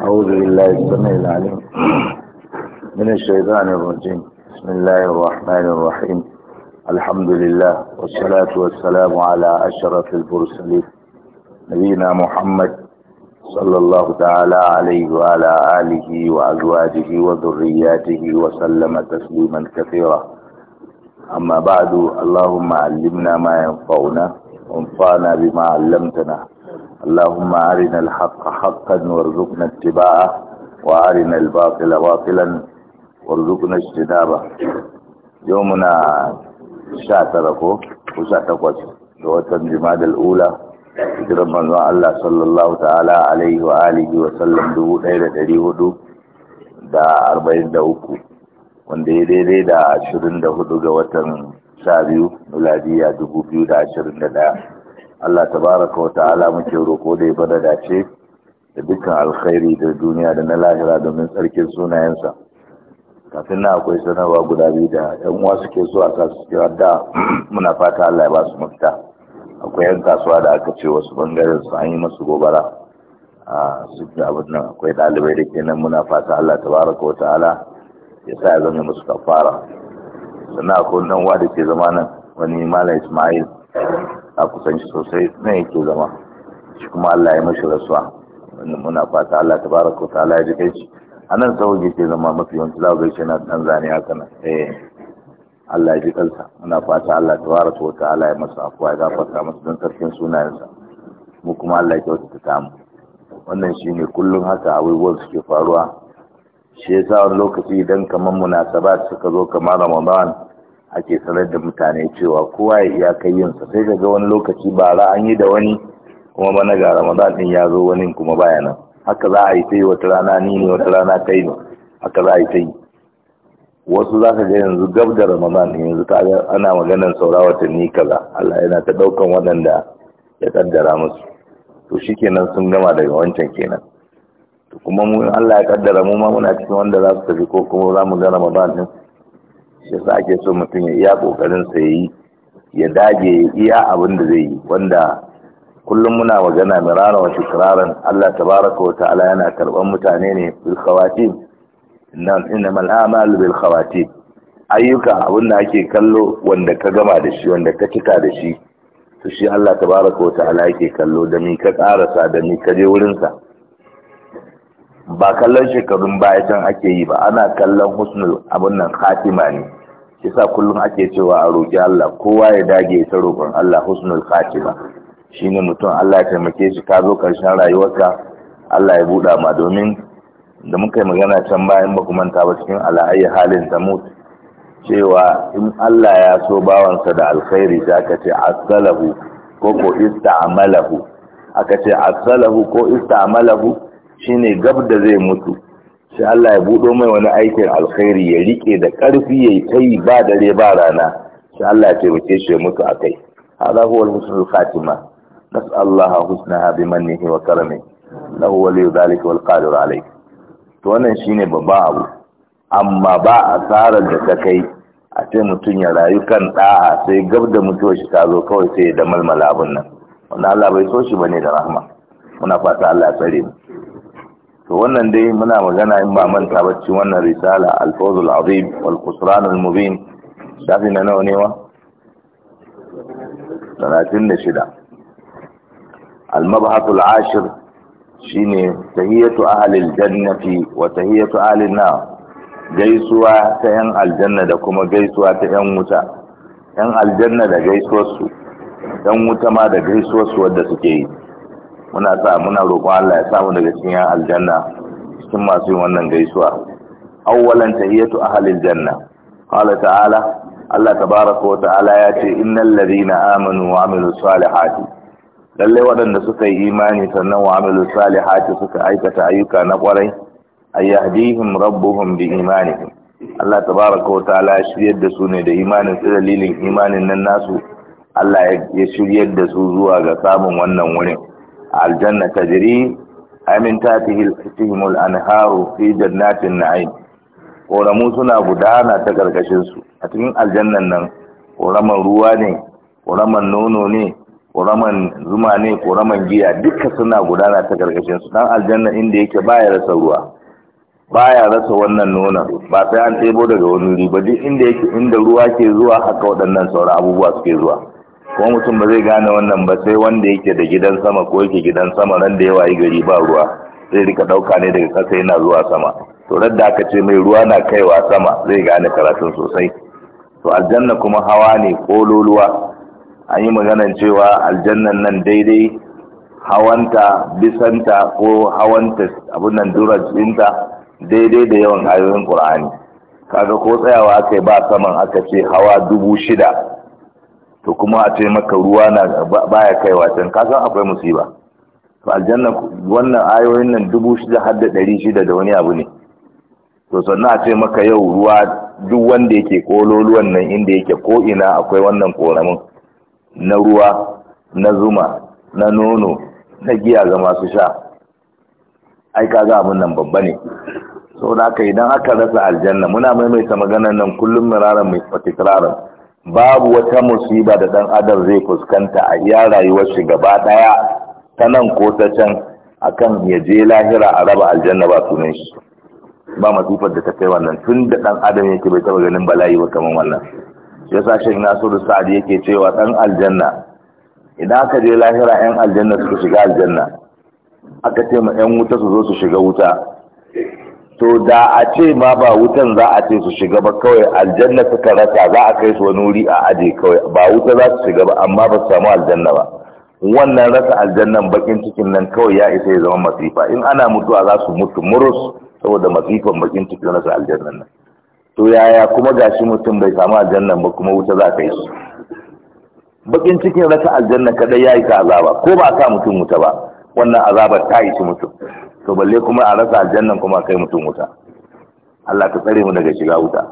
أعوذ بالله السميع العليم من الشيطان الرجيم بسم الله الرحمن الرحيم الحمد لله والصلاة والسلام على أشرف المرسلين نبينا محمد صلى الله تعالى عليه وعلى آله وأزواجه وذرياته وسلم تسليما كثيرا أما بعد اللهم علمنا ما ينفعنا وانفعنا بما علمتنا اللهم أرنا الحق حقا وارزقنا Yau وأرنا الباطل باطلا وارزقنا اجتنابه يومنا شاتركو وشاتكوش وطن جماد الأولى hijirar manzon Allah sallallahu ta'ala alaihi wa alihi wa sallam uku, wanda ya daidai da ashirin da hudu ga watan sha biyu miladiya ɗaya. Allah tabaraka wa ta'ala muke roƙo da ya bada dace da dukkan alkhairi da duniya da na lahira domin tsarkin sunayensa kafin na akwai sanarwa guda biyu da yan uwa suke so a sa su kira da muna fata Allah ya ba su mafita akwai yan kasuwa da aka ce wasu bangaren su an yi masu gobara a su abin nan akwai ɗalibai da ke nan muna fata Allah tabaraka wa ta'ala ya sa ya zama musu kafara sannan akwai ɗan uwa da ke zama nan wani malam Ismail a kusan shi sosai na yake zama shi kuma Allah ya mashi rasuwa wanda muna fata Allah ta baraka wa ta'ala ya ji kai shi a nan sahun yake zama mafi yawanci za ku ga na dan zane haka nan eh Allah ya ji kansa muna fata Allah ta baraka wa ta'ala ya masa afuwa ya gafarta masa don karfin sunayensa mu kuma Allah ya kyauta ta mu wannan shi ne kullum haka abubuwan suke faruwa shi ya sa wani lokaci idan kamar munasabat suka zo kamar Ramadan ake sanar da mutane cewa kowa ya yin yinsa sai kaga wani lokaci ba ra an yi da wani kuma na ga ramadan din ya zo wani kuma baya nan haka za a yi ta wata rana ni ne wata rana kai ne haka za a yi ta wasu za ka ga yanzu gab da ramadan yanzu ta ga ana maganar saura watanni kaza Allah yana ta daukan waɗanda ya kaddara musu to shikenan sun gama daga wancan kenan to kuma mu Allah ya kaddara mu ma muna cikin wanda za su tafi ko kuma za mu ga ramadan din shi sa ake so mutum ya iya kokarin sa yi ya dage ya iya abin da zai yi wanda kullum muna magana rana wa tikraran Allah tabaraka wa ta'ala yana karban mutane ne bil khawatim innam malama a'mal bil ayyuka abin da ake kallo wanda ka gama da shi wanda ka cika da shi to shi Allah tabaraka wa ta'ala yake kallo da mi ka karasa da mi ka je wurin ba kallon shekarun baya can ake yi ba ana kallon husnul abin nan khatima ne yasa kullum ake cewa a roƙi Allah kowa ya dage ta roƙon Allah husnul khatima shine mutum Allah ya taimake shi ka zo ƙarshen rayuwarka Allah ya buɗa ma domin da muka yi magana can bayan ba manta ba cikin ala'ayi halin ta mutu. cewa in Allah ya so bawansa da alkhairi za aka ce asalahu ko ko ista'amalahu aka ce asalahu ko ista'amalahu shine gab da zai mutu shi Allah ya buɗo mai wani aikin alkhairi ya rike da karfi yayi yi ba dare ba rana shi Allah ya taimake shi mutu a kai hada huwa husnul khatima nas'allaha husnaha bi mannihi wa karamihi lahu waliyu dhalika wal qadir alayh to wannan shine babban abu amma ba asarar da ta kai a ce mutum ya rayu kan da'a sai gab da mutuwar shi ta zo kawai sai da malmala abun nan wannan Allah bai so shi bane da rahma muna fata Allah ya tsare mu to wannan dai muna magana in ba manta bacci wannan risala alfawzul azim wal qusran al mubin shafi na nawa ne wa 36 al mabahath al ashir shine tahiyatu ahli al jannati wa tahiyatu ahli an nar gaisuwa ta yan aljanna da kuma gaisuwa ta yan wuta yan aljanna da gaisuwar su yan wuta ma da gaisuwar su wadda suke yi muna sa muna roƙon Allah ya samu daga cikin yan aljanna cikin masu yin wannan gaisuwa awwalan tahiyatu ahlil janna qala ta'ala Allah tabaraka wa ta'ala ya ce innal ladina amanu wa amilus salihati lalle waɗanda suka yi imani sannan wa amilus salihati suka aikata ayyuka na kwarai ayyahdihim rabbuhum bi imanihim Allah tabaraka wa ta'ala ya shiryar da su ne da imanin su dalilin imanin nan nasu Allah ya shiryar da su zuwa ga samun wannan wurin aljanna tajri amin tatihi al anharu fi jannatin na'im koramu suna gudana ta karkashin su a cikin aljannan nan koraman ruwa ne koraman nono ne koraman zuma ne koraman giya duka suna gudana ta karkashin su dan aljanna inda yake baya rasa ruwa baya rasa wannan nonon ba sai an ɗebo daga wani ba duk inda yake inda ruwa ke zuwa haka waɗannan sauran abubuwa suke zuwa kuma mutum ba zai gane wannan ba sai wanda yake da gidan sama ko yake gidan sama ran da yawa yi gari ba ruwa zai rika dauka ne daga kasa yana zuwa sama to da aka ce mai ruwa na kaiwa sama zai gane karatun sosai to aljanna kuma hawa ne ko loluwa? an yi maganan cewa aljannan nan daidai hawanta bisanta ko hawanta abin nan duraj dinta daidai da yawan ayoyin qur'ani kaga ko tsayawa akai ba saman aka ce hawa dubu shida to kuma a ce maka ruwa na baya kaiwa can kasan akwai musiba to aljanna wannan ayoyin nan dubu shida har da ɗari shida da wani abu ne to sannan a ce maka yau ruwa duk wanda yake kololuwan nan inda yake ko ina akwai wannan koramin na ruwa na zuma na nono na giya ga masu sha ai ka ga abin nan babba ne da haka idan aka rasa aljanna muna maimaita maganar nan kullum miraran mai fatikraran babu wata musiba da dan adam zai fuskanta a iya rayuwar shi gaba daya ta nan ko ta can akan ya je lahira a raba aljanna ba sunan shi ba masifar da ta kai wannan tun da dan adam yake bai taba ganin bala'i ba kaman wannan shi yasa shek nasiru sa'adi yake cewa dan aljanna idan aka je lahira yan aljanna suka shiga aljanna aka ce ma yan wuta su zo su shiga wuta to da a ce ma ba wutan za a ce su shiga ba kawai aljanna suka rasa za a kai su wani wuri a aje kawai ba wuta za su shiga ba amma ba su samu aljanna ba wannan rasa aljannan bakin cikin nan kawai ya isa ya zama masifa in ana mutuwa za su mutu murus saboda masifan bakin cikin rasa aljannan nan to yaya kuma gashi mutum bai samu aljannan ba kuma wuta za kai su? bakin cikin rasa aljanna kadai ya isa azaba ko ba sa mutum wuta ba wannan azabar ta isi mutum to balle kuma a rasa aljannan kuma kai mutum wuta Allah ka tsare mu daga shiga wuta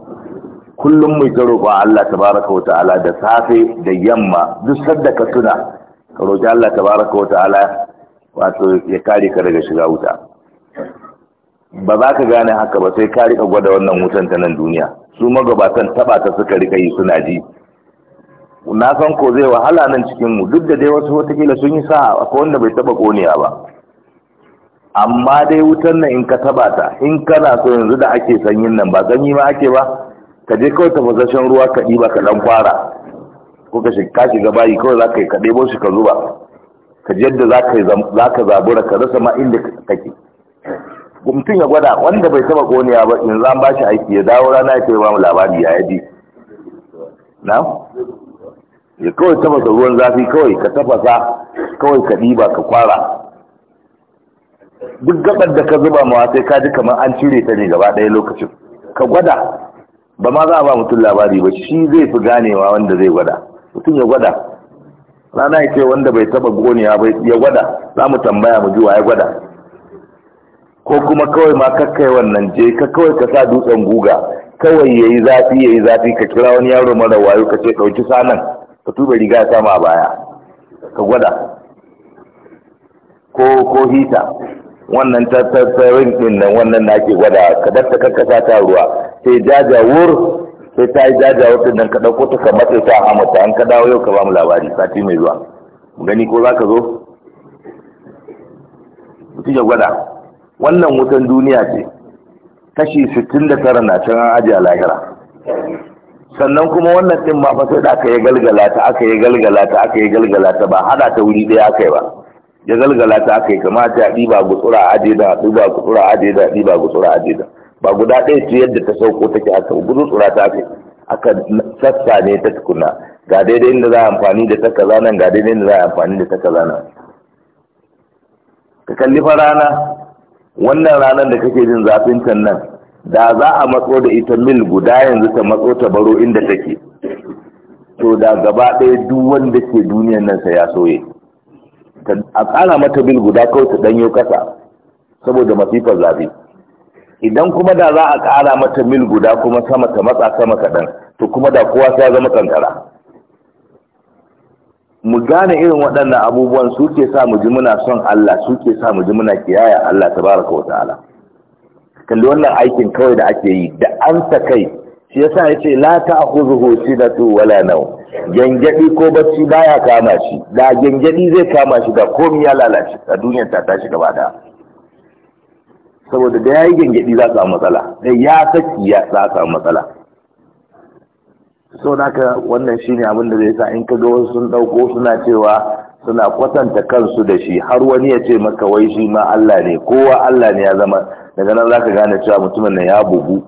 kullum mu ta roƙon Allah tabaaraka wa da safe da yamma duk sadda ka tuna ka roƙi Allah tabaaraka wa ta'ala wato ya kare ka daga shiga wuta ba za ka gane haka ba sai ka rika gwada wannan wutan ta nan duniya su magabatan taba ta suka rika yi suna ji na san ko zai wahala nan cikin mu duk da dai wasu kila sun yi sa'a akwai wanda bai taba koniya ba amma dai wutan nan in ka taba ta in kana so yanzu da ake sanyin nan ba sanyi ma ake ba ka je kawai tafasashen ruwa ka ɗiba ka ɗan fara ko ka shiga bayi kawai za ka yi ka ɗebo shi ka zuba ka yadda za ka zabura ka rasa ma inda kake mutum ya gwada wanda bai taba koniya ba yanzu an shi aiki ya dawo rana ya ce ba mu labari ya yaji na ya kawai tafasa ruwan zafi kawai ka tafasa kawai ka ɗiba ka kwara duk gabar da ka zuba mawa sai ka ji kamar an cire ta ne gaba ɗaya lokacin ka gwada ba ma za a ba mutum labari ba shi zai fi ganewa wanda zai gwada mutum ya gwada rana ya ce wanda bai taba goniya ba ya gwada za mu tambaya mu ji ya gwada ko kuma kawai ma kakkai wannan je ka kawai ka sa dutsen guga kawai ya yi zafi ya yi zafi ka kira wani yaro mara wayo ka ce ɗauki sanan ka tuba riga sama a baya ka gwada ko ko hita wannan tattarin din nan wannan da ake gwada ka datta, kanka sa ta ruwa sai jajawur sai ta yi jajawur wata nan ka ɗauko ta kamar sai ta hamata an ka dawo yau ka ba mu labari sati mai zuwa mu gani ko za ka zo mutum ya gwada wannan wutan duniya ce kashi sittin da tara na can an ajiye lahira sannan kuma wannan ɗin ma fa sai da aka yi galgala ta aka yi galgala ta aka yi galgala ta ba hada ta wuri ɗaya aka yi ba ya galgala ta aka yi kamata a ɗiba gutsura a adida ɗiba gutsura a adida ɗiba gutsura a da ba guda ɗaya ce yadda ta sauko take kan gutsura ta aka aka sassa ne ta tukuna ga daidai inda za a amfani da ta kaza nan ga daidai inda za a amfani da ta kaza nan ka kalli fa rana wannan ranar da kake jin zafin can nan da za a matso da ita mil guda yanzu ta matso ta baro inda take to da gaba ɗaya duk wanda ke duniyan nan sa ya soye a tsara mata bil guda kawai ta danyo kasa saboda masifar zabe idan kuma da za a ƙara mata mil guda kuma sama ta matsa sama kaɗan to kuma da kowa ya zama kankara mu gane irin waɗannan abubuwan su ke sa mu ji muna son Allah su ke sa mu ji muna kiyaya Allah tabaraka wa ta'ala kalli wannan aikin kawai da ake yi da an sa kai shi yasa yace la ta'khuzuhu sinatu wala nawm gyangyaɗi ko bacci baya kama shi da gyangyaɗi zai kama shi da komi ya lalace a duniyar ta tashi gaba da saboda da ya yi gyangyaɗi za samu matsala da ya saki ya za samu matsala so ka wannan shine abin da zai sa in ka ga wasu sun ɗauko suna cewa suna kwatanta kansu da shi har wani ya ce maka wai shi ma Allah ne kowa Allah ne ya zama daga nan za ka gane cewa mutumin nan ya bugu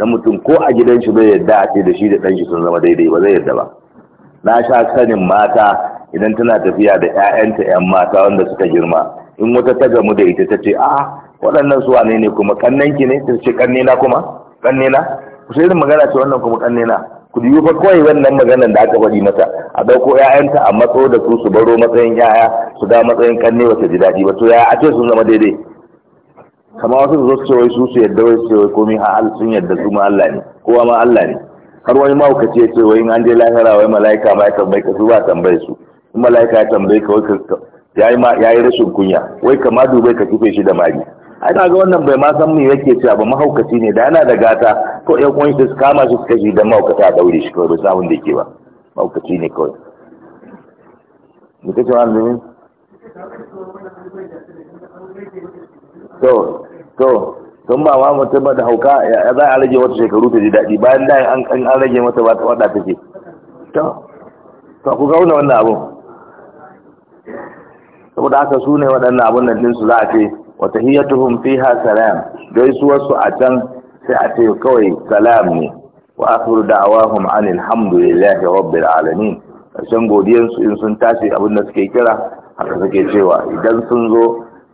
Na mutum ko a gidan shi bai yadda a ce da shi da ɗan shi sun zama daidai ba zai yadda ba na sha sanin mata idan tana tafiya da ƴaƴanta ƴan mata wanda suka girma in wata ta gamu da ita ta ce a ah, waɗannan su wane ne kuma kannanki ne ta ce kanne na kuma kanne na ku sai irin magana ce wannan kuma kanne na ku diyu fa kawai wannan maganan da aka faɗi mata a dauko ƴaƴanta a matso da su su baro matsayin ƴaƴa su da matsayin kanne wata ji daɗi ba to ya a ce sun zama daidai kama wasu zo su wai su su yadda wai su wai a ha sun yadda su ma Allah ne kowa ma Allah ne har wani mahaukaci ya ce wai in an je lahira wai mala'ika ma ya tambaye ka su ba tambaye su in mala'ika ya tambaye ka wai ka ya yi rashin kunya wai ma dubai ka kife shi da mari ai na ga wannan bai ma san me yake cewa ba mahaukaci ne da yana da gata ko ya kun su kama shi suka shi da mahaukata a daure shi kawai bai samun da yake ba mahaukaci ne kawai me kace wannan ne to to sun ba ma mutum ba da hauka ya za a rage wata shekaru ta ji daɗi bayan da an an rage mata ba ta wada take to to ku ga wannan abun saboda haka su ne waɗannan abun nan ɗinsu za a ce wa tahiyyatuhum fiha salam gaisuwarsu a can sai a ce kawai salam ne wa akhiru da'awahum anil hamdulillahi rabbil alamin karshen su in sun tashi abin da suke kira haka suke cewa idan sun zo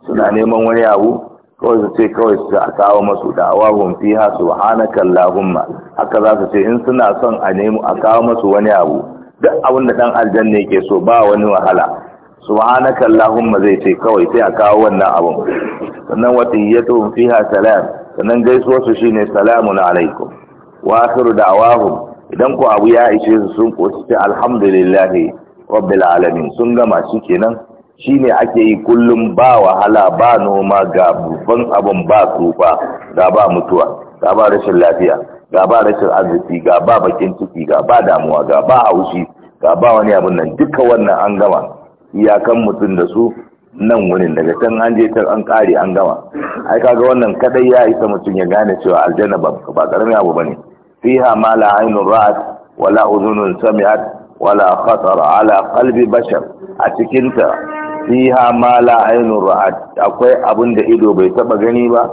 suna neman wani abu kawai su ce kawai su a kawo masu da'awa hun fiha hanakan lahumma. haka za su ce in suna son a nemo a kawo masu wani abu duk abin da dan aljanna ke so ba wani wahala Su hanakan lahumma zai ce kawai sai a kawo wannan abun sannan wa tayyatuhum fiha salam sannan gaisuwa su shine salamun alaikum wa da da'awahum idan ku abu ya ishe su sun kosi alhamdulillahi rabbil alamin sun gama shi kenan Shi ne ake yi kullum ba wahala ba noma ga bufan abin ba tsufa ga ba mutuwa ga ba rashin lafiya ga ba rashin arziki ga ba bakin ciki ga ba damuwa ga ba haushi ga ba wani abin nan duka wannan an gama iyakan mutum da su nan wurin daga can an je can an kare an gama ai kaga wannan kadai ya isa mutum ya gane cewa aljanna ba karamin abu bane fiha ma la aynu ra'at wala udhunun sami'at wala khatar ala qalbi bashar a cikinta fiha ma la ra'at akwai abin da ido bai taba gani ba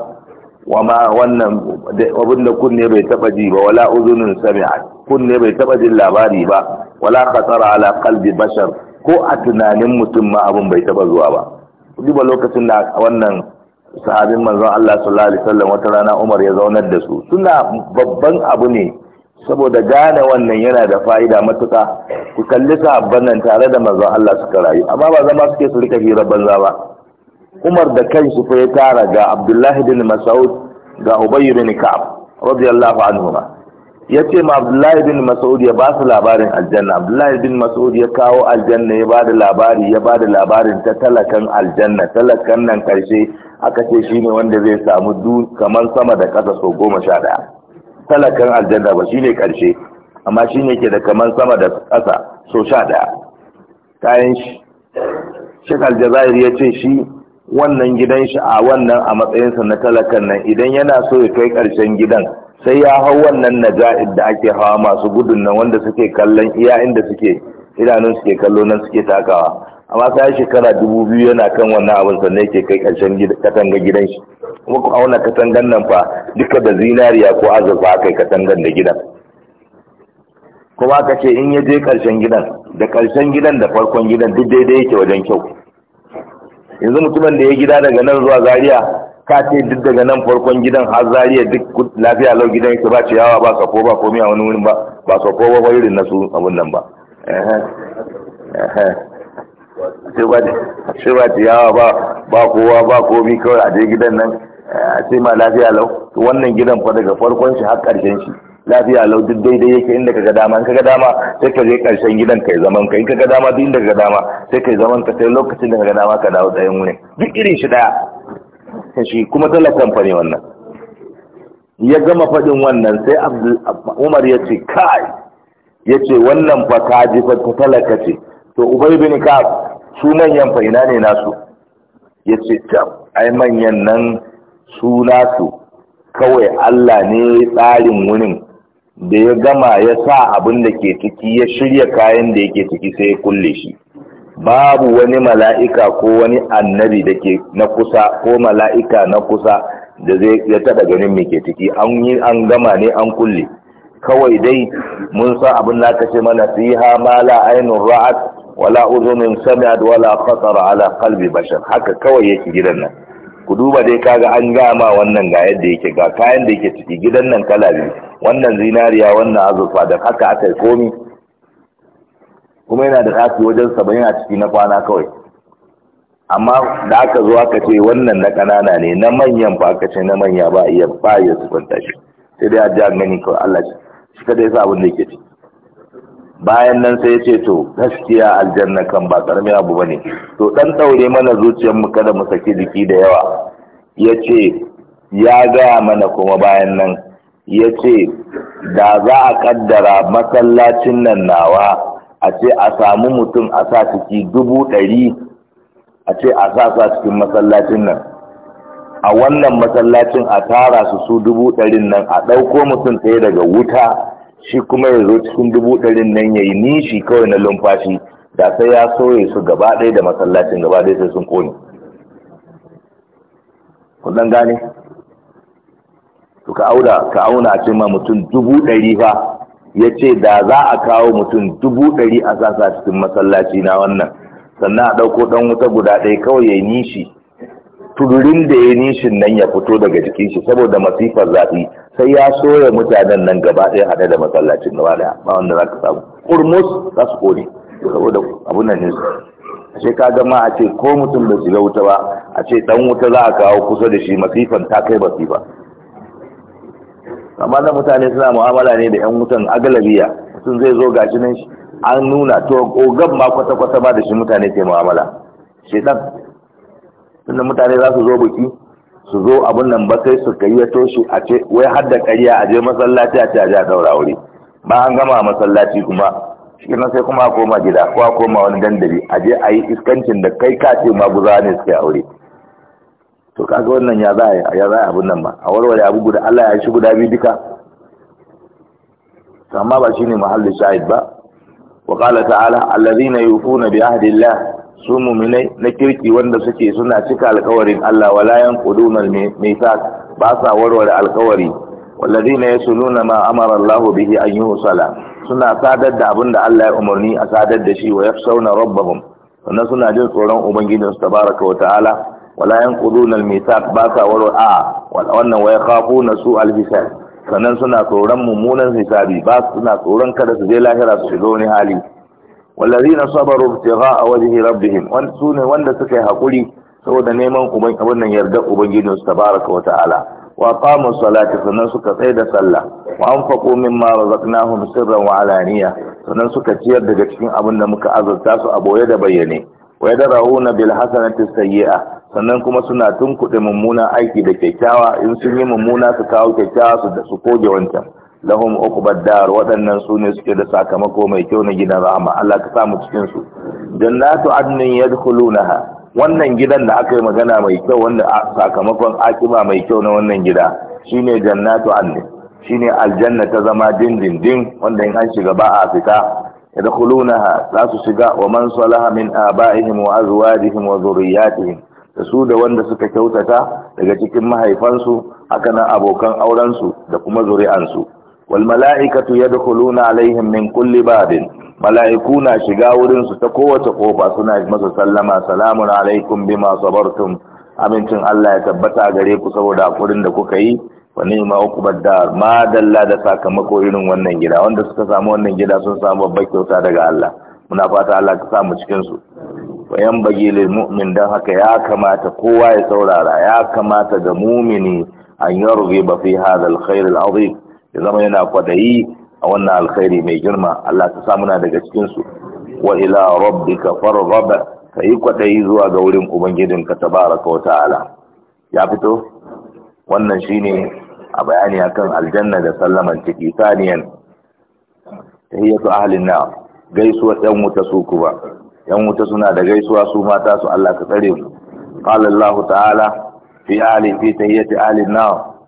wa ma wannan abin da kunne bai taba ji ba wala uzunun sami'a kunne bai taba jin labari ba wala khatara ala qalbi bashar ko a tunanin mutum ma abin bai taba zuwa ba duba lokacin da wannan sahabin manzon Allah sallallahu alaihi wasallam wata rana Umar ya zaunar da su suna babban abu ne saboda gane wannan yana da fa'ida matuka ku kalli sahabban nan tare da manzon Allah suka rayu amma ba zama suke su rika hira banza ba Umar da kai fa ya tara ga Abdullahi bin Mas'ud ga Ubay bin Ka'ab radiyallahu anhuma yace ma Abdullahi bin Mas'ud ya ba su labarin aljanna Abdullahi bin Mas'ud ya kawo aljanna ya ba da labari ya ba da labarin ta talakan aljanna talakan nan karshe aka ce shine wanda zai samu kamar sama da ƙasa so goma sha ɗaya talakan aljanna ba shine karshe amma shine ke da kaman sama da ƙasa so sha ɗaya kayan shi shekar Aljazairi ya ce shi wannan gidan shi a wannan a matsayinsa na talakan nan idan yana so ya kai karshen gidan sai ya hau wannan naja'id da ake hawa masu gudun nan wanda suke kallon iya inda suke idanun suke kallo nan suke takawa amma sai shekara dubu biyu yana kan wannan abin sannan yake kai ƙarshen katangar gidan shi kuma ku auna katangar nan fa duka da zinariya ko azurfa aka yi katangar da gidan kuma aka ce in ya je ƙarshen gidan da ƙarshen gidan da farkon gidan duk daidai yake wajen kyau yanzu mutumin da ya gida daga nan zuwa zaria ka ce duk daga nan farkon gidan har zaria duk lafiya lau gidan yake ba ciyawa ba sako ba komi a wani wurin ba ba sako ba irin na su abun nan ba sai ba sai ba ciyawa ba ba kowa ba komi kawai a je gidan nan eh, sai ma lafiya lau wannan gidan fa daga farkon shi har karshen shi lafiya lau duk daidai yake inda kaga dama in kaga dama sai ka je karshen gidan kai zaman ka in kaga dama duk inda kaga dama sai kai zaman ka sai lokacin da kaga dama ka dawo tsayin wurin duk irin shi daya shi kuma talakan fa ne wannan ya gama faɗin wannan sai Umar ya ce kai ya ce wannan fa kaji fa talaka ce to Ubay bin Ka'ab su manyan fa ina ne nasu ya ce ai manyan nan su nasu kawai Allah ne tsarin wurin da ya gama ya sa abin da ke ciki ya shirya kayan da yake ciki sai ya kulle shi babu wani mala'ika ko wani annabi da ke na kusa ko mala'ika na kusa da zai ya taɗa ganin mai ke ciki an yi an gama ne an kulle kawai dai mun san abin da aka ce mana fiha ma la ra'at wala uzunin sami'at wala khatar ala kalbi bashar haka kawai yake gidan nan ku duba dai kaga an gama wannan ga yadda yake ga kayan da yake ciki gidan nan kala biyu wannan zinariya wannan azurfa da haka aka yi komi kuma yana da ɗaki wajen saba'in a ciki na kwana kawai amma da aka zo aka ce wannan na ƙanana ne na manyan ba aka ce na manya ba iya ba ya kwanta shi sai dai a ja gani kawai Allah shi kada ya sa abin da yake ciki bayan nan sai ya ce to gaskiya aljanna kan ba karamin abu bane to dan daure mana zuciyar mu kada mu saki jiki da yawa yace ya gaya mana kuma bayan nan yace da za a kaddara masallacin nan nawa a ce a samu mutum a sa ciki dubu ɗari a ce a sa sa cikin masallacin nan a wannan masallacin a tara su su dubu ɗarin nan a ɗauko mutum ɗaya daga wuta shi kuma ya zo cikin dubu ɗarin nan ya yi nishi kawai na lumfashi da sai ya soye su gaba ɗaya da masallacin gaba ɗaya sai sun kone kudan gane to ka auna ka auna a cimma mutum dubu ɗari fa ya ce da za a kawo mutum dubu ɗari a sasa cikin masallaci na wannan sannan a ɗauko ɗan wuta guda ɗaya kawai ya yi nishi tururin da ya nishin nan ya fito daga jikin shi saboda masifar zafi sai ya soya mutanen nan gaba ɗaya haɗe da masallacin gaba ba wanda za ka samu kurmus za su kone saboda abun nan ne sai ka gama a ce ko mutum da shiga wuta ba a ce dan wuta za a kawo kusa da shi masifan ta kai masifa amma da mutane suna mu'amala ne da yan wutan agalabiya mutum zai zo gashi nan an nuna to ogan ma kwata-kwata ba da shi mutane ke mu'amala shedan tunda mutane za su zo buki su zo abun nan ba sai su gayyato shi a ce wai har da ƙarya a je masallaci a ce a je a daura aure ba an gama masallaci kuma shi sai kuma a koma gida ko a koma wani dandali a je a yi iskancin da kai ka ce guza ne suke aure to kaga wannan ya za a ya za a abun nan ba a warware abu guda Allah ya shi guda biyu duka amma ba shine mahallin shahid ba wa qala ta'ala allazina yufuna bi ahdi su muminai na kirki wanda suke suna cika alkawarin Allah wala yanquduna al-mithaq ba sa warware alkawari walladina yasuluna ma amara Allah bihi an yusala suna sadar da abinda Allah ya umarni a sadar da shi wa yafsauna rabbahum sannan suna jin tsoron ubangijinsu tabaraka wa ta'ala wala yanquduna al-mithaq ba sa warware a wannan wa yakhafuna su al-hisab sannan suna tsoron mummunan hisabi ba suna tsoron kada su je lahira su shiga wani hali wallazina sabaru ibtigha'a wajhi rabbihim wan sune wanda suka yi hakuri saboda neman uban abin nan yarda ubangijin su tabaraka wa ta'ala wa qamu salata sannan suka tsai da sallah wa anfaqu mimma razaqnahum sirran wa alaniya sannan suka ciyar daga cikin abin da muka azurta su a boye da bayyane wa yadrauna bil hasanati sayyi'a sannan kuma suna tunkuɗe mummunan aiki da kyakkyawa in sun yi mummuna su kawo kyakkyawa su su koge wancan lahum uqbad dar waɗannan sune suke da sakamako mai kyau na gidan rahama Allah ka samu cikin su jannatu adnin yadkhulunaha wannan gidan da aka yi magana mai kyau wanda sakamakon akiba mai kyau na wannan gida shine jannatu adnin shine aljanna ta zama dindindin wanda in an shiga ba a fita yadkhulunaha za su shiga wa man salaha min abaihim wa azwajihim wa dhurriyyatihim da su da wanda suka kyautata daga cikin mahaifansu hakanan abokan aurensu da kuma zuri'ansu wal mala'ikatu yadkhuluna alaihim min kulli babin mala'iku na shiga wurinsu ta kowace kofa suna masa sallama salamun alaikum masu sabartum amincin Allah ya tabbata gare ku saboda kurin da kuka yi wa ma uqbad dar ma dalla da sakamako irin wannan gida wanda suka samu wannan gida sun samu babbar kyauta daga Allah muna fata Allah ka samu cikin su yan bagi lil mu'min dan haka ya kamata kowa ya saurara ya kamata ga mu'mini an yarghi ba fi hadha al khair al azim ya zama yana kwadayi a wannan alkhairi mai girma Allah ta samu daga cikin su wa ila rabbika farghab kai kwadayi zuwa ga wurin ubangijin ka tabaraka wa ta'ala ya fito wannan shine a bayani akan aljanna da sallaman ciki saniyan tahiyatu ahli na. gaisuwa ɗan wuta su kuma ‘yan wuta suna da gaisuwa su mata su Allah ka tsare mu. Qala Allah ta'ala fi ali fi tahiyyati ahli an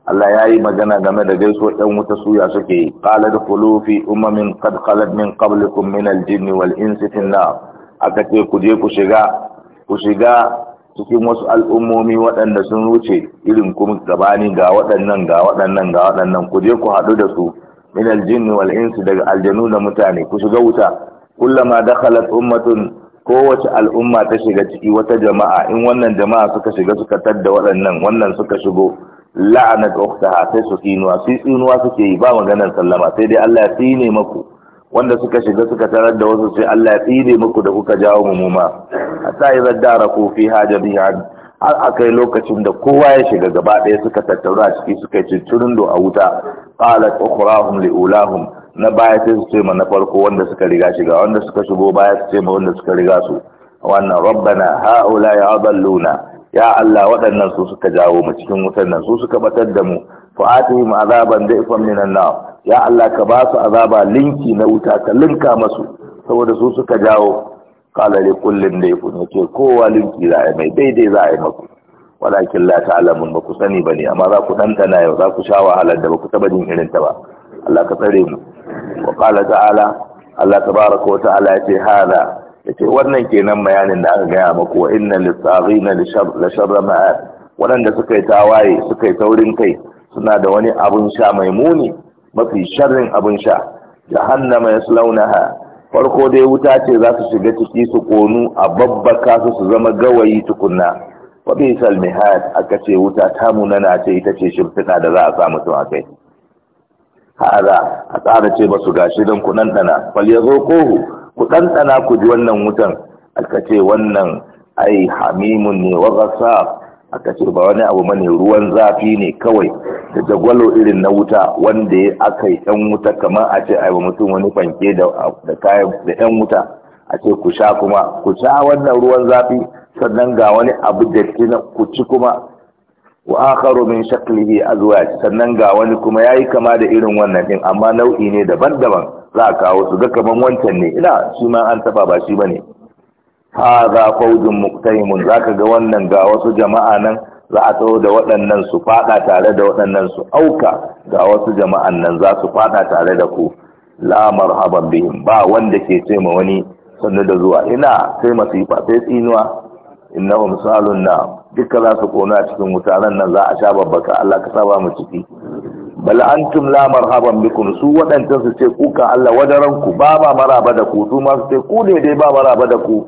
Allah ya yi magana game da gaisuwar ɗan wuta suya suke yi, ƙalar kulufi umamin ƙadƙalar min ƙablikun min aljini wal insitin na aka ce ku je ku shiga, ku shiga cikin wasu al'ummomi waɗanda sun wuce irin kuma gabani ga waɗannan ga waɗannan ga waɗannan ku je ku haɗu da su min aljini wal insi daga aljanu da mutane ku shiga wuta. Kullama dakhalat ummatun kowace al'umma ta shiga ciki wata jama'a in wannan jama'a suka shiga suka tadda waɗannan wannan suka shigo la'anat ukhtaha sai su tsinuwa sai tsinuwa suke yi ba maganar sallama sai dai Allah ya tsine maku wanda suka shiga suka tarar da wasu sai Allah ya tsine muku da kuka jawo mumuma hatta idza daraku fi hajabihad har akai lokacin da kowa ya shiga gaba ɗaya suka tattauna a ciki suka ci do a wuta qalat ukhrahum liulahum na baya sai su ce ma na farko wanda suka riga shiga wanda suka shigo baya su ce ma wanda suka riga su wannan rabbana haula ya adalluna ya Allah waɗannan su suka jawo mu cikin wutar nan su suka batar da mu fa'atihim azaban da'ifan minan nar ya Allah ka ba su azaba linki na wuta ka linka masu saboda su suka jawo qala li kullin da'ifun yace kowa linki za a mai daidai za a yi maku walakin la ta'lamun ba ku sani bane amma za ku na yau za ku sha wahalar da ba ku taba jin irin ta ba Allah ka tsare mu wa qala ta'ala Allah tabaraka wa ta'ala yace hada yace wannan kenan bayanin da aka gaya maku wa inna lis la sharra ma'ad waɗanda suka yi tawaye suka yi taurin kai suna da wani abun sha mai muni mafi sharrin abun sha jahannama yaslaunaha farko dai wuta ce za su shiga ciki su konu a babbaka su su zama gawayi tukunna wa bi salmihat aka ce wuta ta munana ce ita ce shimfiɗa da za a sa mutum a kai hada a tsara ce ba su gashi don kunan ɗana fal ya zo kohu ku ɗanɗana ku ji wannan wutan aka ce wannan ai hamimun ne wa gasa aka ce ba wani abu mane ruwan zafi ne kawai da jagwalo irin na wuta wanda ya aka yi ɗan wuta kamar a ce ai ba mutum wani fanke da kayan da ɗan wuta a ce ku sha kuma ku sha wannan ruwan zafi sannan ga wani abu da na ku ci kuma wa akharu min shaklihi azwaj sannan ga wani kuma yayi kama da irin wannan din amma nau'i ne daban-daban za a kawo su ga kaman wancan ne ina shi ma an taba ba shi bane faujin muktaimun za zaka ga wannan ga wasu jama'a nan za a tsawo da waɗannan su fada tare da waɗannan su auka ga wasu jama'an nan za su fada tare da ku la marhaban bihim ba wanda ke ce ma wani sannu da zuwa ina sai masifa sai tsinuwa innahum salun na dukka za su kona cikin wuta nan za a sha babbaka Allah ka saba mu ciki bal antum la marhaban bikum su wadantan su ce kuka Allah wadaran ku ba ba maraba da ku su ma su ce ku ne dai ba maraba da ku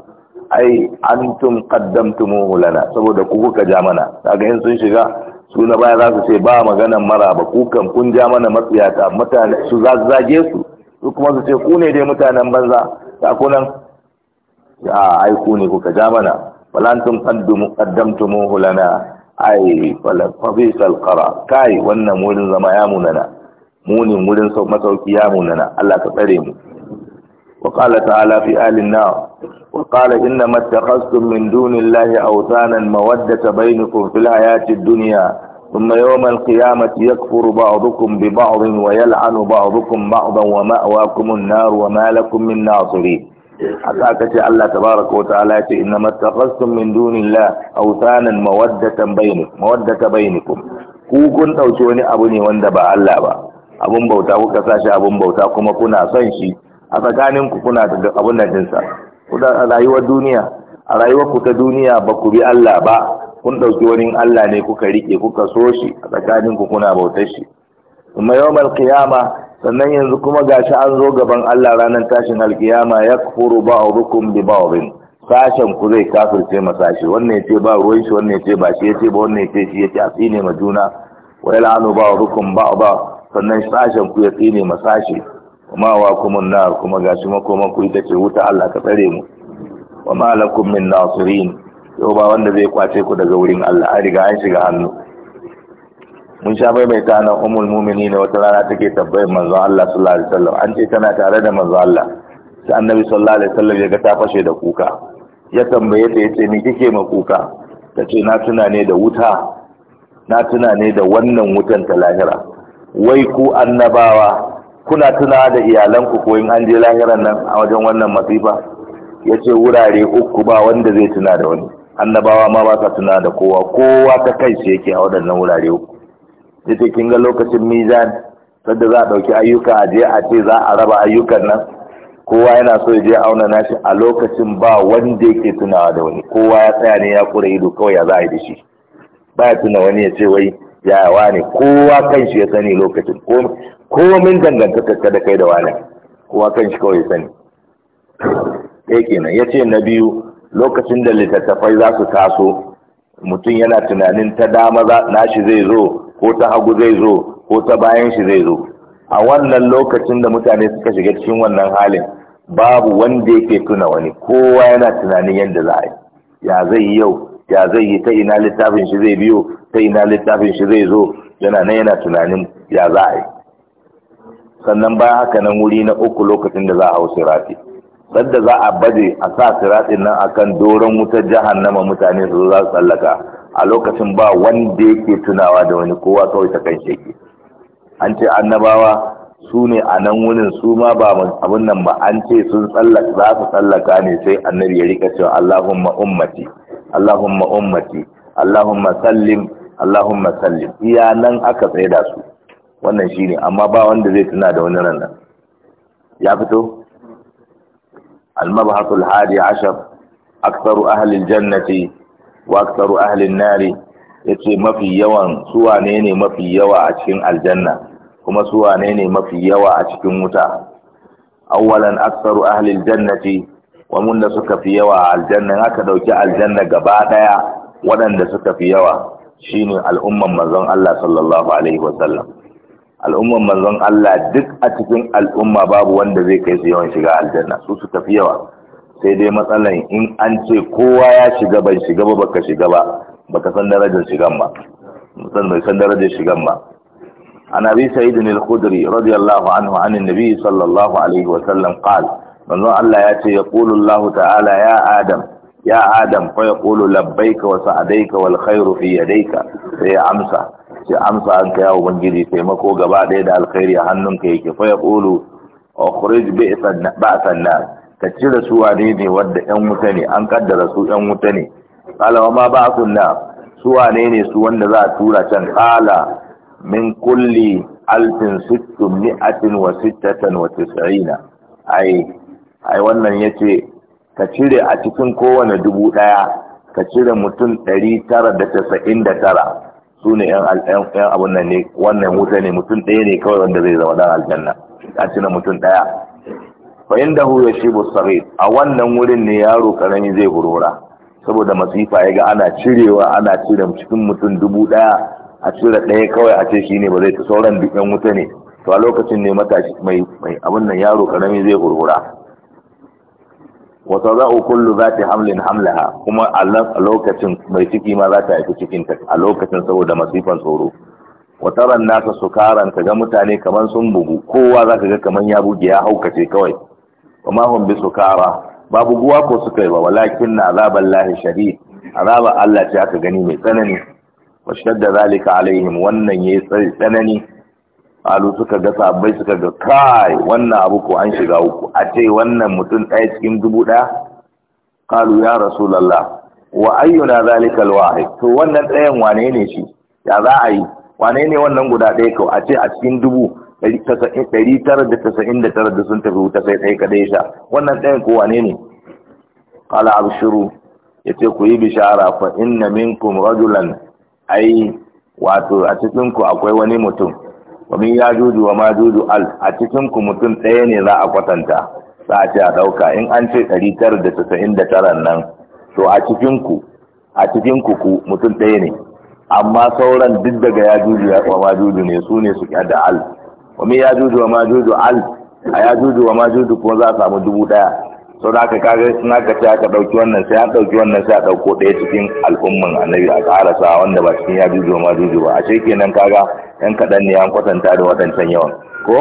ai antum qaddamtumuhu lana saboda ku kuka ja mana daga in sun shiga su na baya za su ce ba maganan maraba ku kan kun ja mana matsiyata mutane su zazzage su su kuma su ce ku ne dai mutanen banza ta kunan ya ai ku ne kuka ja mana bal antum qaddamtumuhu lana ai fafisal kara kai wannan wurin zama ya munana muni wurin sau masauki ya munana Allah ka tsare mu wa qala ta'ala fi alin na wa qala inna mattakhastum min dunillahi awtanan mawaddata bainakum fil hayati dunya thumma yawmal qiyamati yakfuru ba'dukum bi ba'd wa yal'anu ba'dukum ba'dan wa ma'wakum an-nar wa ma lakum min nasirin haka aka ce Allah tabaraka wa ta'ala ya ce inna mattakhastum min dunillah awsanan mawaddatan bainakum mawaddata bainakum ku kun ɗauki wani abu ne wanda ba Allah ba abun bauta kuka sashi abun bauta kuma kuna son shi a tsakanin ku kuna da abun rayuwar duniya a rayuwar ku ta duniya ba ku bi Allah ba kun ɗauki wani Allah ne kuka rike kuka so shi a tsakanin ku kuna bautar shi kuma yawmal qiyama sannan yanzu kuma gashi an zo gaban Allah ranar tashin alkiyama ya kufuru ba bi rin. sashen ku zai kafirce ma sashi wannan ya ce ba ruwan shi wannan ce, ba shi ya ce ba wannan ce. shi ya ce a tsine ma juna ba wa ba a ba sannan sashen ku ya tsine ma sashe. kuma wa kuma na kuma gashi makoman ku ita ce wuta Allah ka tsare mu wa malakum min nasirin yau ba wanda zai kwace ku daga wurin Allah an riga an shiga hannu mun sha maimaita nan umul mumini ne wata rana take tabbai manzo Allah sallallahu alaihi wasallam an ce tana tare da manzo Allah sai annabi sallallahu alaihi wasallam ya ga ta fashe da kuka ya tambaye ta yace ni kike ma kuka tace na tuna ne da wuta na tuna ne da wannan wutan ta lahira wai ku annabawa kuna tuna da iyalanku ko in an je lahiran nan a wajen wannan masifa yace wurare uku ba wanda zai tuna da wani annabawa ma ba sa tuna da kowa kowa ta kai shi yake a waɗannan wurare uku yace kin ga lokacin mizan sadda za a ɗauki ayyuka a je a ce za a raba ayyukan nan kowa yana so ya je auna nashi a lokacin ba wanda yake tunawa da wani kowa ya tsaya ne ya kura ido kawai ya za a yi da shi ba ya tuna wani ya ce wai yawa wane kowa kan shi ya sani lokacin komin ka da kai da wani kowa kan shi kawai ya sani ɗaya kenan ya ce na biyu lokacin da littattafai za su taso mutum yana tunanin ta dama nashi zai zo ko ta hagu zai zo ko ta bayan shi zai zo a wannan lokacin da mutane suka shiga cikin wannan halin babu wanda yake tuna wani kowa yana tunanin yadda za a yi ya zai yi yau ya zai yi ta ina littafin shi zai biyo ta ina littafin shi zai zo yana nan yana tunanin ya za a yi sannan bayan haka nan wuri na uku lokacin da za a hau sirati sadda za a baje a sa siratin nan akan doron wutar jahannama mutane su za su tsallaka a lokacin ba wanda yake tunawa da wani kowa kawai ta kan yake an ce annabawa su ne a nan wurin su ma ba abin nan ba an ce sun tsallaka za su tsallaka ne sai annabi ya rika cewa Allahumma ummati Allahumma ummati Allahumma sallim Allahumma sallim iya nan aka tsaye da su wannan shine amma ba wanda zai tuna da wani ranar ya fito al-mabhasul hadi ashar aktsaru ahli jannati wa ahlin nari yace mafi yawan su wanene ne mafi yawa a cikin aljanna kuma su wane ne mafi yawa a cikin wuta awwalan aktaru ahli aljannati wa mun da suka fi yawa a aljanna aka dauki aljanna gaba daya waɗanda suka fi yawa shine al'umman manzon Allah sallallahu alaihi sallam. al'umman manzon Allah duk a cikin al'umma babu wanda zai kai su yawan shiga aljanna su suka fi yawa sai dai matsalan in an ce kowa ya shiga ban shiga ba baka shiga ba baka san darajar shigan ba musan bai san darajar shigan ba an abi sa'id al-khudri radiyallahu anhu an annabi sallallahu alaihi wa sallam qala manzon Allah ya ce yaqulu Allah ta'ala ya adam ya adam fa yaqulu labbaika wa sa'adaika wal khairu fi yadayka sai ya amsa sai amsa an kai ubangiji taimako gaba ɗaya da alkhairi a hannunka yake fa yaqulu ukhrij bi'sa ba'sa nas ka cire su wane ne wanda yan wuta ne an kaddara su yan wuta ne qala ma ba kunna su wane ne su wanda za a tura can Kala min kulli alfin sittum mi'atin wa sittatan wa tis'ina ai ai wannan ya ce. ka cire a cikin kowane dubu ɗaya, ka cire mutum ɗari tara da casa'in da tara su ne yan abun nan ne wannan wuta ne mutum ɗaya ne kawai wanda zai zama dan aljanna a cire mutum ɗaya fa indahu yashibu saghir a wannan wurin ne yaro karami zai hurura saboda masifa ya ga ana cirewa ana cire cikin mutum dubu daya a cire ɗaya kawai a ce shine ba zai ta sauran duk yan wuta ne to a lokacin ne matashi mai abin nan yaro karami zai wata za a kullu ta hamlin hamlaha kuma a lokacin mai ciki ma za ta haifi cikin ta a lokacin saboda masifan tsoro wata ran nasa sukaran ga mutane kamar sun bugu kowa zaka ga kamar ya buge ya haukace kawai wa ma hum bisukara babu guwa ko suka yi ba walakin na azaban lahi shadid azaban Allah ce aka gani mai tsanani wa shadda zalika alaihim wannan yayi tsanani alu suka ga sabbai suka ga kai wannan abu ko an shiga uku a ce wannan mutum ɗaya cikin dubu ɗaya Kalu ya rasulullah wa ayyuna zalika alwahid to wannan ɗayan wane ne shi ya za a yi wane ne wannan guda ɗaya ko a ce a cikin dubu ɗari da da sun tafi wuta sai ɗaya kaɗai sha wannan ɗayan ko wane ne qala abshuru ce ku yi bishara fa inna minkum rajulan ai wato a cikin ku akwai wani mutum wa min yajuju wa juju al a cikin ku mutum ɗaya ne za a kwatanta za a ce a ɗauka in an ce ɗari da da nan to a cikin ku a cikin ku ku mutum ɗaya ne amma sauran duk daga ya yajuju ma juju ne su ne su da al wa mai ya juju wa ma juju al a ya juju wa ma juju kuma za a samu dubu ɗaya sau da aka kaga suna ka ce aka ɗauki wannan sai an ɗauki wannan sai a ɗauko ɗaya cikin al'umman annabi a sa wanda ba cikin ya juju ma juju ba a ce kenan kaga yan kaɗan ne an kwatanta da waɗancan yawan ko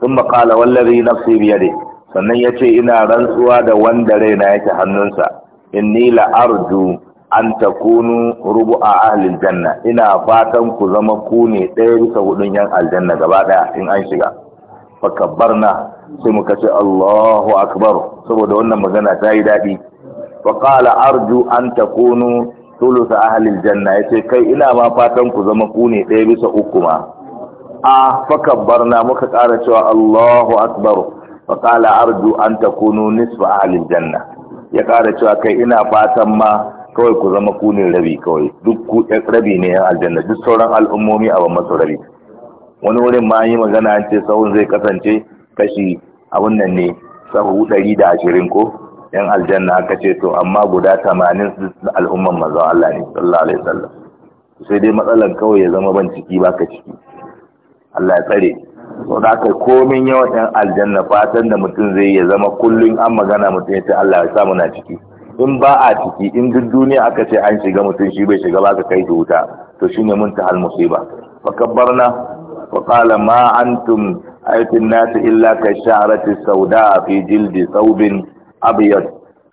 sun maƙala wallari nafsi biyade sannan ya ce ina rantsuwa da wanda raina yake hannunsa in ni la'arju an takunu rubu a ahalin janna ina fatan ku zama ku ne ɗaya bisa hudun yan aljanna gaba ɗaya in an shiga na, sai muka ce Allahu akbar saboda wannan magana ta yi daɗi wa arju an takunu a ahalin janna Ya ce kai ina ma fatan ku zama ku ne ɗaya bisa uku ma a na muka ƙara cewa Allahu akbar wa arju an takunu nisfa ahalin janna ya ƙara cewa kai ina fatan ma kawai ku zama ku ne rabi kawai duk ku rabi ne yan aljanna duk sauran al'ummomi a ban masu rabi wani wurin ma yi magana an ce sahun zai kasance kashi abun nan ne sahu ɗari da ashirin ko yan aljanna aka ce to amma guda tamanin al'umman mazan Allah ne sallallahu alaihi wasallam sai dai matsalar kawai ya zama ban ciki baka ciki Allah ya tsare sau da aka komin yawan yan aljanna fatan da mutum zai ya zama kullum an magana mutum ya ce Allah ya samu na ciki in ba a ciki in duk duniya aka ce an shiga mutum shi bai shiga ba ka kai wuta to shine hal musiba fa kabbarna wa qala ma antum ayatun nas illa ka sha'rati sauda fi jildi thawbin abyad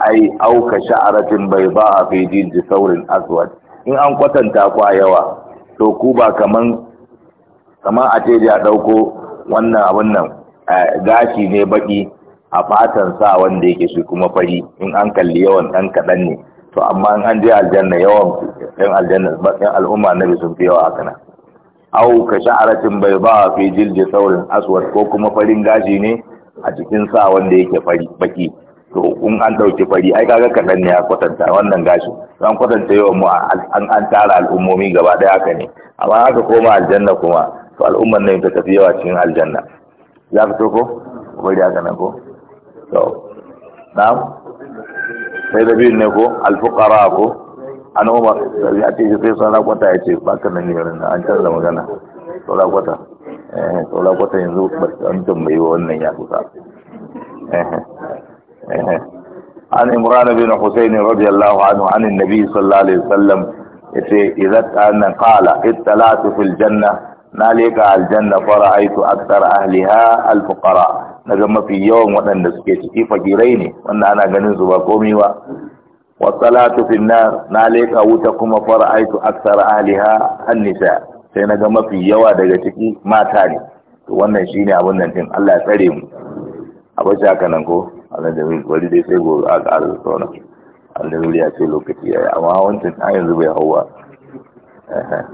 ai aw ka sha'ratin bayda fi jildi thawrin aswad in an kwatanta ku a yawa to ku ba kaman kaman a ce da dauko wannan abun nan eh, gashi ne baki a fatan sa wanda yake shi kuma fari in an kalli yawan ɗan kaɗan ne to amma in an je aljanna yawan ɗan aljanna ɗan al'umma bi sun fi yawa haka nan au ka sha'aratin bai ba fi jilji saurin aswad ko kuma farin gashi ne a cikin sa wanda yake fari baki to in an ɗauki fari ai kaga kaɗan ne a kwatanta wannan gashi an kwatanta yawan mu an an tara al'ummomi gaba ɗaya haka ne amma haka koma aljanna kuma to al'ummar nan ta tafi yawa cikin aljanna ya fito ko bari haka nan ko to na'am sai da biyun ne ko alfukara ko an umar ya ce shi sai saura kwata ya ce baka nan yi wani an canza magana saura kwata eh saura kwata yanzu an tambayi wa wannan ya kusa an imran bin husayn radiyallahu anhu an annabi sallallahu alaihi wasallam yace idza kana qala ittalatu fil janna na leka aljanna fara aitu aksar ahliha alfuqara na ga mafi yawan waɗanda suke ciki fakirai ne wanda ana ganin su ba komai ba wa salatu fi nar na leka wuta kuma fara aiku aksar ahliha annisa sai na ga mafi yawa daga ciki mata ne to wannan shine abin nan din Allah ya tsare mu a bashi haka nan ko Allah da wani dai sai gobe a ƙara da sauran Allah ya ce lokaci yayi amma wancan an yanzu bai hauwa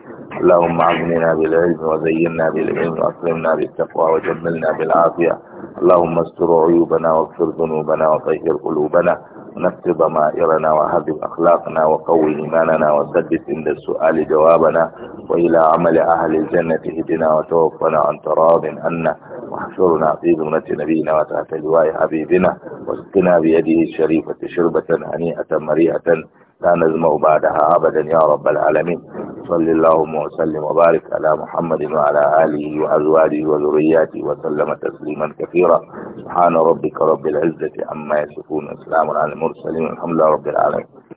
اللهم عظمنا بالعلم وزينا بالعلم وأكرمنا بالتقوى وجملنا بالعافية اللهم استر عيوبنا واغفر ذنوبنا وطهر قلوبنا ونفس ضمائرنا وهذب أخلاقنا وقوي إيماننا وسدد عند السؤال جوابنا وإلى عمل أهل الجنة هدنا وتوفنا عن تراض عنا واحشرنا في ذمة نبينا وتحت لواء حبيبنا واسقنا بيده الشريفة شربة هنيئة مريئة لا نزمع بعدها أبدا يا رب العالمين صل اللهم وسلم وبارك على محمد وعلى آله وأزواجه وذرياته وسلم تسليما كثيرا سبحان ربك رب العزة عما يصفون السلام على المرسلين الحمد لله رب العالمين